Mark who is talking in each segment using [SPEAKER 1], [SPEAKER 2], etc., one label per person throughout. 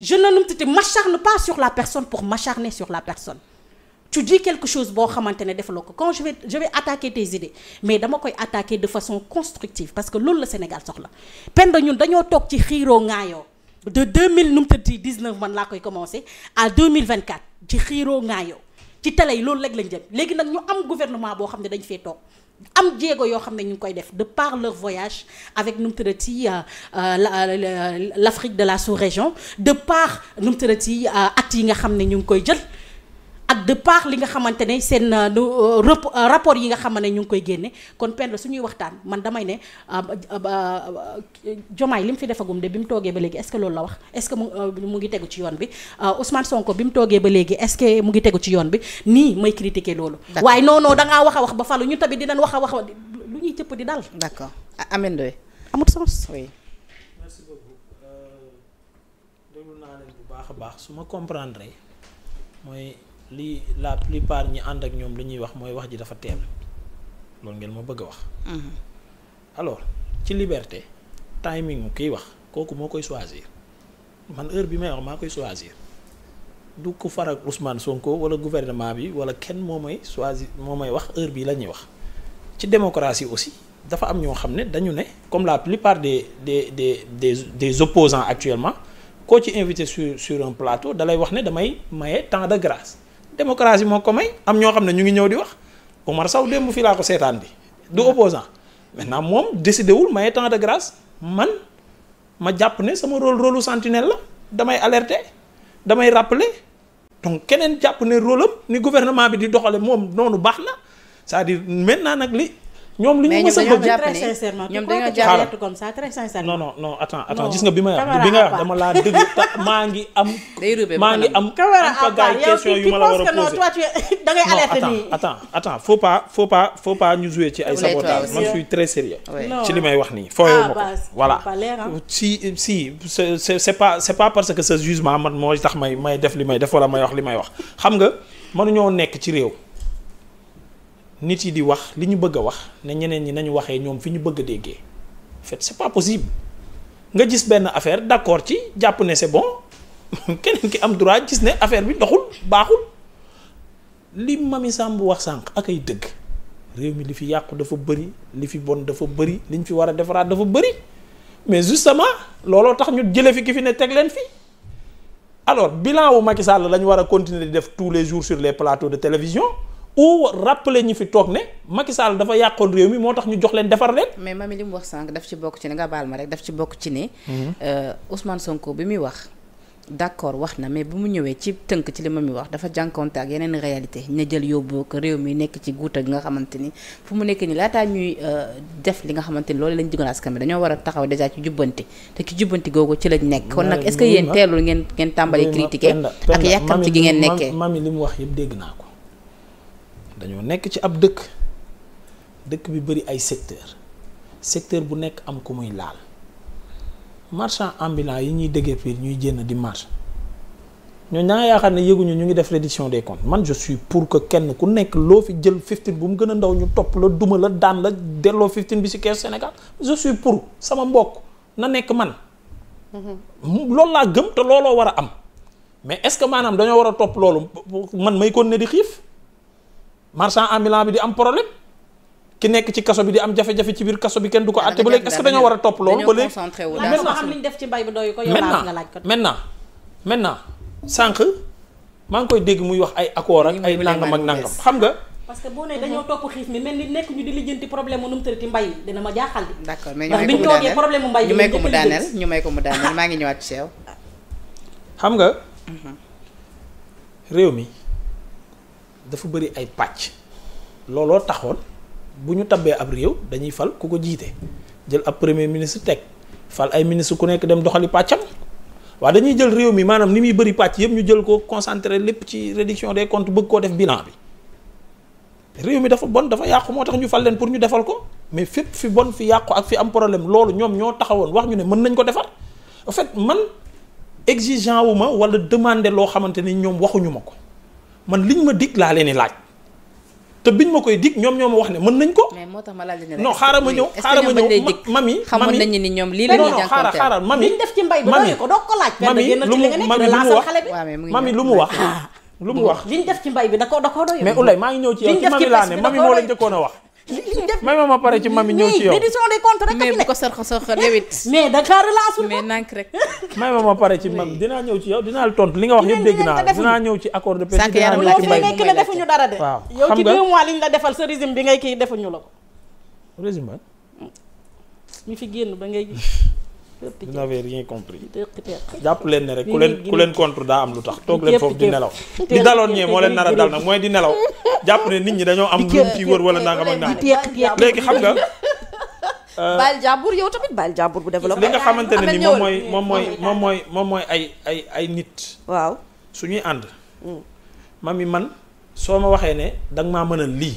[SPEAKER 1] je ne m'acharne pas sur la personne pour m'acharner sur la personne tu dis quelque chose boo xamante ne defaloo ko quand je vais tes idées mais dama koy attaquer de façon constructive parce que loolu la Sénégal soxla Penda ñun dañoo toog ci xiiroo ŋaayoo de 2000 nu mu tëdd 19 man laa koy commencé à 2024 ci xiiroo ŋaayoo ci télé yi loolu rek lañ jëm léegi nag ñu am gouvernement boo xam ne dañ fee toog am jéego yoo xam ne ñu ngi koy def de par leur voyage avec nu mu tuddati euh, euh, euh, l'Afrique de la sous-région de par nu mu tuddati actes yi nga xam ne ñu ngi koy jël ak de part li nga xamante ne seen euh, euh, euh, rapport yi nga xam ne ñu ngi koy génne kon pen suñuy waxtaan man damay ne Jomaay li mu fi defagum de bi mu toogee ba léegi est-ce que loolu la wax est-ce que mu mu ngi tegu ci yoon bi Ousmane Sonko bi mu toogee ba léegi est-ce que mu ngi tegu ci yoon bi nii may critiquer loolu. waaye non non wax a wax ba falu ñu tamit dinañ wax a wax lu ñuy cëpp di dal. d'accord Ameth Ndoye amut sens. oui.
[SPEAKER 2] merci beaucoup déglu naa li la plupart ñi ànd ak ñoom li ñuy wax mooy wax ji dafa teel loolu ngeen ma bëgg a wax. Mhm. alors ci liberté timing mu kiy wax kooku moo koy choisir man heure bi may wax maa koy choisir du ku far ak Ousmane Sonko wala gouvernement bi wala kenn moo may choisir moo may wax heure bi la ñuy wax ci démocratie aussi dafa am ñoo xam ne dañu ne comme la plupart des des de des des opposants actuellement koo ci invité sur sur un plateau dalay wax ne damay maye temps de grâce. démocratie moo ko may am ñoo xam ne ñu ngi ñëw di wax Omar Sow démb fii laa ko seetaan bi du opposant maintenant moom décidé wul maye temps de grâce man ma jàpp ne sama role rôlu sentinelle la damay alerter damay rappeler donc keneen jàpp ne rôle am ni gouvernement bi di doxale moom noonu baax na c'est-à-dire maintenant nag li ñoom li ñu mës a bëgg très sincèrement ñoom dañoo jàpp
[SPEAKER 1] comme ça très sincèrement
[SPEAKER 2] non non non attends gis nga bi ma wax bi nga wax dama laa dëgg maa ngi am maa ngi am fa gaay question yu ma la war a poser
[SPEAKER 1] da ngay alerter nii
[SPEAKER 2] attends attends faut pas faut pas faut pas ñu jouer ci ay sabotage man suis très sérieux ci li may wax nii fooyoo ma ah, ko voilà si si c'est c'est pas c'est pas parce que ce jugement man moo tax may may def li may def wala may wax li may wax xam nga ñoo nekk ci réew nit yi di wax li ñu bëgg a wax ne ñeneen ñi nañu waxee ñoom fi ñu bëgg a déggee en fait c'est pas possible nga gis benn affaire d'accord ci jàpp ne c'est bon keneen ki am droit gis ne affaire bi doxul baaxul li Mamy bu wax sànq ak ay dëgg réew mi li fi yàqu dafa bëri li fi bon dafa bëri liñ fi war a defaraat dafa bëri mais justement looloo tax ñu jële fi ki fi ne teg leen fi alors bilan wu Macky Sall la ñu war a continuer di def tous les jours sur les plateaux de télévision pour rappeler ñi fi toog ne Macky Sall dafa yàqoon réew mi moo tax ñu jox leen defar leen.
[SPEAKER 1] mais mami li mu wax sànq daf ci bokk ci ne nga baal ma rek daf ci bokk ci ne. Euh, Ousmane Sonko bi muy wax. d'accord wax na mais bu mu ñëwee ci tënk ci li ma mi wax dafa jànkonte ak yeneen réalité ñu jël yóbbu ko réew mi nekk ci guuta gi nga xamante ni fu mu nekk nii laataa ñuy euh, def li nga xamante ni loolu lañ digoon askan bi dañoo war a taxaw déjà ci jubbanti te ci jubbanti googu ci lañ nekk kon nag est-ce que yéen
[SPEAKER 2] teelul ngeen gi ngeen nekkee mami li mu wax yëpp dégg naa dañoo nekk ci ab dëkk dëkk bi bëri ay secteur secteur bu nekk am ku muy laal marchand ambulant yi ñuy déggee piir ñuy jénn di marché ñoo ñaa yaakaar ne yëguñu ñu ngi def reddition des comptes man je pour que kenn ku nekk loo fi jël fifteen bu mu gën a ndaw ñu topp la duma la daan la delloo fifteen bi ci kees Sénégal je pour sama mbokk na nekk man
[SPEAKER 1] mm-hmm.
[SPEAKER 2] loolu laa gëm te looloo war a am mais est-ce que maanaam dañoo war a topp loolu man may kon ne di xiif marchand ambulant bi di am problème ki nekk ci kaso bi di am jafe-jafe ci biir kaso bi kenn du ko àtte ba léegi est-ce que dañoo war a topp loolu ba léegi maintenant maintenant maintenant sànq maa ngi koy dégg muy wax ay accord ak ay nangam ak nangam xam nga
[SPEAKER 1] parce que boo nee dañoo topp xiif mi mel ni nekk ñu di lijjanti problème mu nu mu tërati mbay dina ma jaaxal di d'accord mais ndax maa ngi ñëwaat ci sew
[SPEAKER 2] xam nga mhm. réew mi dafa bëri ay pàcc looloo taxoon bu ñu tabbee ab réew dañuy fal ku ko jiite jël ab premier ministre teg fal ay ministre ku nekk dem doxali pàccam waa dañuy jël réew mi maanaam ni muy bëri pàcc yëpp ñu jël ko concentré lépp ci réduction des comptes bëgg koo def bilan bi réew mi dafa bon dafa yàqu moo tax ñu fal leen pour ñu defal ko mais fépp fi bon fi yàqu ak fi am problème loolu ñoom ñoo taxawoon wax ñu ne mën nañ ko defar au fait man exigeant wu ma wala demander loo xamante ni ñoom waxuñu ma ko. man li ñu ma dig laa leen laaj te biñ ma koy dig ñoom ñoo ma wax ne mën nañ ko. mais
[SPEAKER 1] moo tax ma laaj la ne non xaaral ma ñëw xaaral ma ñëw
[SPEAKER 2] mami. xamoon nañu ni ñoom lii la ñuy jànkuwanteel xaaral mami. liñ def ci mbay bi doy ko doo ko laaj. mami lu
[SPEAKER 1] mu mami lu mu wax lu mu wax. def ci mbay bi da ko da ko doy mais Oulaye maa ngi ñëw ci yow ci mami laa ne mami moo la
[SPEAKER 2] njëkkoon a wax may ma ma pare ci mami ñëw ci yow reddition
[SPEAKER 1] des comptes may
[SPEAKER 2] ma ma pare ci mami dinaa ñëw ci yow dinaa la tontu li nga wax yëpp dégg naa dinaa ñëw ci accord de paix sànq ci mbay nekk la defuñu
[SPEAKER 1] dara de waaw yow ci deux mois liñ la defal sa régime bi ngay kii defuñu la fi génn ba ngay gis
[SPEAKER 2] vous n'avez rien jàpp leen ne rek ku leen ku leen contre daa am lu tax toog leen foofu di nelaw li daloon ñee moo leen nar a dal nag mooy di nelaw jàpp ne nit ñi dañoo am lu ci wër wala nangam ak
[SPEAKER 3] nangam léegi xam nga
[SPEAKER 2] euh, baal
[SPEAKER 3] jàmbur yow tamit baal jàmbur bu développé li nga xamante ne ni mooy moom mooy
[SPEAKER 2] moom mooy moom mooy ay ay ay nit waaw suñuy ànd mm. mami man soo ma waxee ne danga maa mën a lii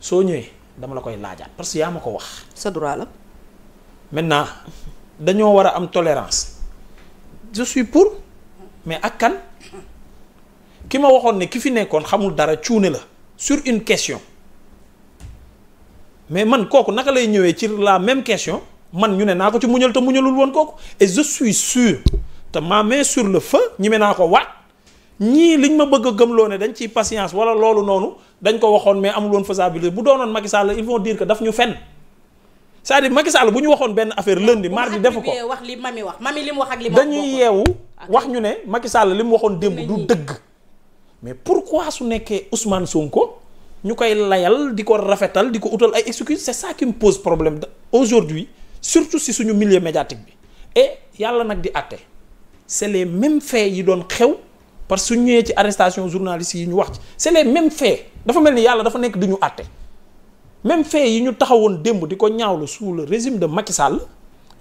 [SPEAKER 2] soo ñëwee dama la koy laajaat parce que yaa ma ko wax sa maintenant dañoo war a am tolérance je suis pour mais ak kan ki ma waxoon ne ki fi nekkoon xamul dara cuune la sur une question mais man kooku naka lay ñëwee ci la même question man ñu ne naa ko ci muñal te muñalul woon kooku et je suis sûr te ma mais sur le feu ñi me naa ko waat ñii ñu ma bëgg a loo ne dañ ci patience wala loolu noonu dañ ko waxoon mais amul woon faisabilité bu doonoon Macky Sall ils vont dire que daf ñu fenn c'est-à-dire bu ñu waxoon benn affaire lundi mardi def ko wax
[SPEAKER 1] li mami wax mami li mu wax ak li mu wax dañuy
[SPEAKER 2] yeewu wax ñu ne Macky Sall li mu waxoon démb du dëgg mais pour pourquoi su nekkee Ousmane ko ñu koy layal di ko rafetal di ko utal ay excuses c'est ça qui me pose problème aujourd'hui surtout si suñu millier médiatique bi et yàlla nag di àtte c'est les mêmes faits yi doon xew parce que su ñëwee ci arrestation journalistes yi ñu wax ci c'est les mêmes faits dafa mel ni yàlla dafa nekk di ñu àtte même fait yi ñu taxawoon démb di ko ñaaw sous le régime de Macky Sall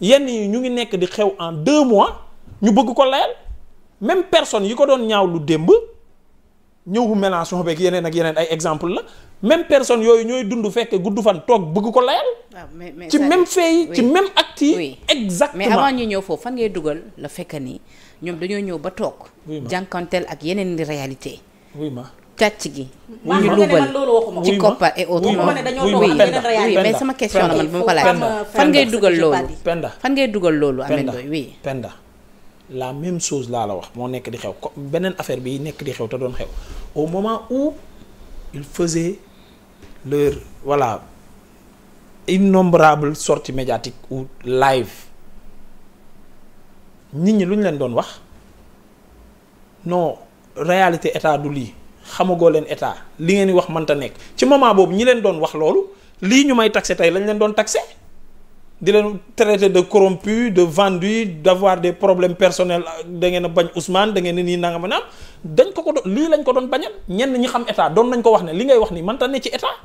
[SPEAKER 2] yenn yi ñu ngi nekk di xew en deux mois ñu bëgg ko layal même personne yi ko doon ñaaw lu démb ñëw bu mélenchon beeg yeneen ak yeneen ay exemple la même personne yooyu ñooy dundu fekk gudd fan toog bëgg ko layal.
[SPEAKER 1] Ah, ci même fait yi ci même
[SPEAKER 2] acte yi. exactement mais avant ñu ñëw foofu fan ngay dugal la fekk nii
[SPEAKER 1] ñoom dañoo ñëw ba toog. jànkanteel ak yeneen réalité. ma càcc gi. wuy ma wuy ci koppar et autres. wuy mais sama question la man ba ma ko laaj. fan ngay dugal loolu. penda
[SPEAKER 2] fan ngay dugal loolu. Ameth Ndoye oui penda la même chose laa la wax moo nekk di xew ko beneen affaire bi nekk di xew te doon xew au moment où ils faisaient leur voilà innombrable sortie médiatique ou live nit ñi lu ñu leen doon wax non réalité état du lii. xamagoo leen état li ngeen di wax mënta nekk ci moment boobu ñi leen doon wax loolu lii ñu may taxé tey lañ leen doon taxé di leen traité de corrompu de vendu d'avoir des problèmes personnels da ngeen a bañ Ousmane da ngeen a nii nanga ma naam dañ ko ko doon lii lañ ko doon bañal ñenn ñi xam état doon nañ ko wax ne li ngay wax nii mënta ne ci état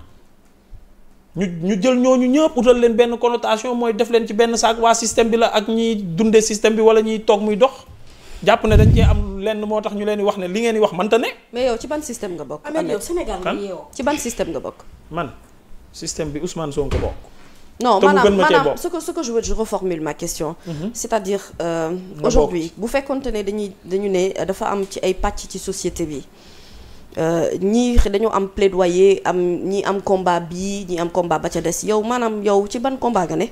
[SPEAKER 2] ñu ñu jël ñooñu ñëpp utal leen benn connotation mooy def leen ci benn saak waa système bi la ak ñiy dundee système bi wala ñiy toog muy dox jàpp na dañ cee am lenn moo tax ñu leen di wax ne li ngeen di wax mënta ne. mais yow ci ban système nga bokk. Ameth yow Sénégal nga yeewoo ci ban nga bokk. man système bi Ousmane Sonko bokk. no maanaam maanaam ce
[SPEAKER 3] que ce que je veux je reformule ma question. Mhm. c'est-à-dire euh, aujourd'hui bu fekkonte ne dañuy dañu ne dafa am ci ay pàcc ci société bi. Euh, ñii dañoo am plaidoyer am ñi am combat bii ñi am ba ca des yow maanaam yow ci ban combat nga ne.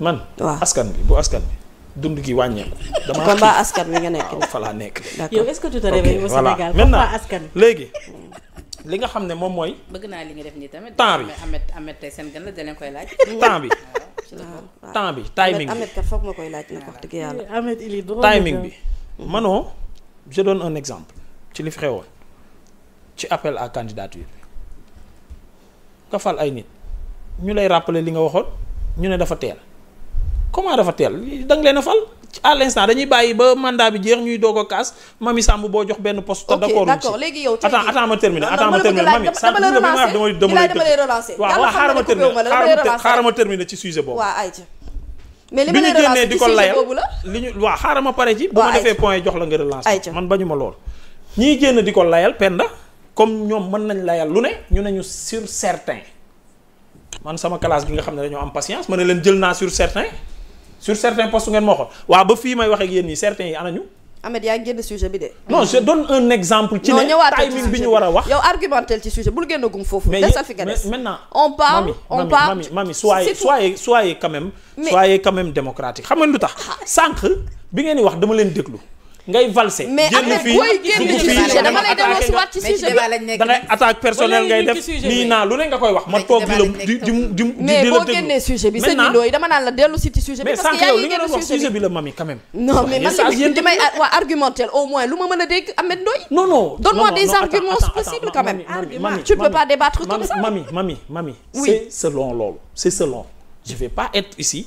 [SPEAKER 2] man. waaw askan bi bu askan dund gi wàññeeku. dama combat askan wi nga nekk. fa laa nekk. yow est-ce que tu te réveilles au Sénégal combat askan wi léegi. li nga
[SPEAKER 1] xam ne moom mooy. bëgg naa li nga def nii tamit. temps bi amet amet tey seen gën la da leen koy laaj. temps bi
[SPEAKER 3] ah, temps bi timing bi amet kat foog ma koy laaj nag wax dëgg ah, yàlla. amet il est drôle timing bi.
[SPEAKER 2] manoo je donne un exemple ci li fi xewoon ci appel à candidature bi nga fal ay nit ñu lay rappeler li nga waxoon ñu ne dafa teel. comme dafa teel da nga leen a fal à dañuy bàyyi ba mandat bi jeex ñuy doog a kaas mami Samb boo jox benn post ok d'accord léegi yow tey attends attends ma ma terminer mami Samb dama lay relancer waaw waaw xaaral ma terminer xaaral ma
[SPEAKER 3] li ma lay relancer
[SPEAKER 2] layal ma pare ci. bu jox la nga relancer. lool. génn di ko layal penda comme ñoom mën nañ layal lu ne ñu ne ñu sur certain man sama classe bi nga xam ne dañoo am patience ma ne leen jël naa sur certain sur certains postes ngeen moo xool waaw ba fii may wax ak yéen ñi certains yi anañu
[SPEAKER 3] Ahmed yaa ngi génn sujet bi de. non je
[SPEAKER 2] donne un exemple. ci ne timing bi ñu war a wax.
[SPEAKER 3] yow argumentel ci sujet bul génn gum foofu. desal fi nga des mais maintenant. on parle on parle mami mami soyez soyez
[SPEAKER 2] soyez quand même. soyez quand même démocratique xam nga lu tax ah. sànq bi ngeen di wax dama leen déglu. ngay valser. génn fii dugg fii dama lay delloosiwaat ci sujet bi dangay attaque personnelle ngay def nii naa lu ne nga koy wax ma toog la di di di di la
[SPEAKER 3] génnee sujet bi sëñ Ndoye dama naan la si ci sujet
[SPEAKER 2] bi. la mami quand non mais man li may
[SPEAKER 3] waa argumenté au moins lu ma mën a dégg Ahmed Ndoye. non non donne des arguments possibles quand même.
[SPEAKER 2] tu mami mami mami. c'est selon loolu c'est selon je vais pas être ici.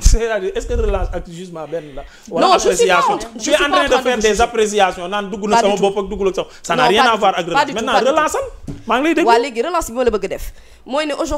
[SPEAKER 2] c'est-à-dire est-ce que relâche ak jugement benn la. wala appréciation je suis en de faire des appréciations naan dugg na sama bopp ak duggul ak sama. ça n'a rien à voir ak relâche maintenant relance am. maa ngi lay
[SPEAKER 3] dégg relance bi ma la bëgg def mooy ne aujourd'hui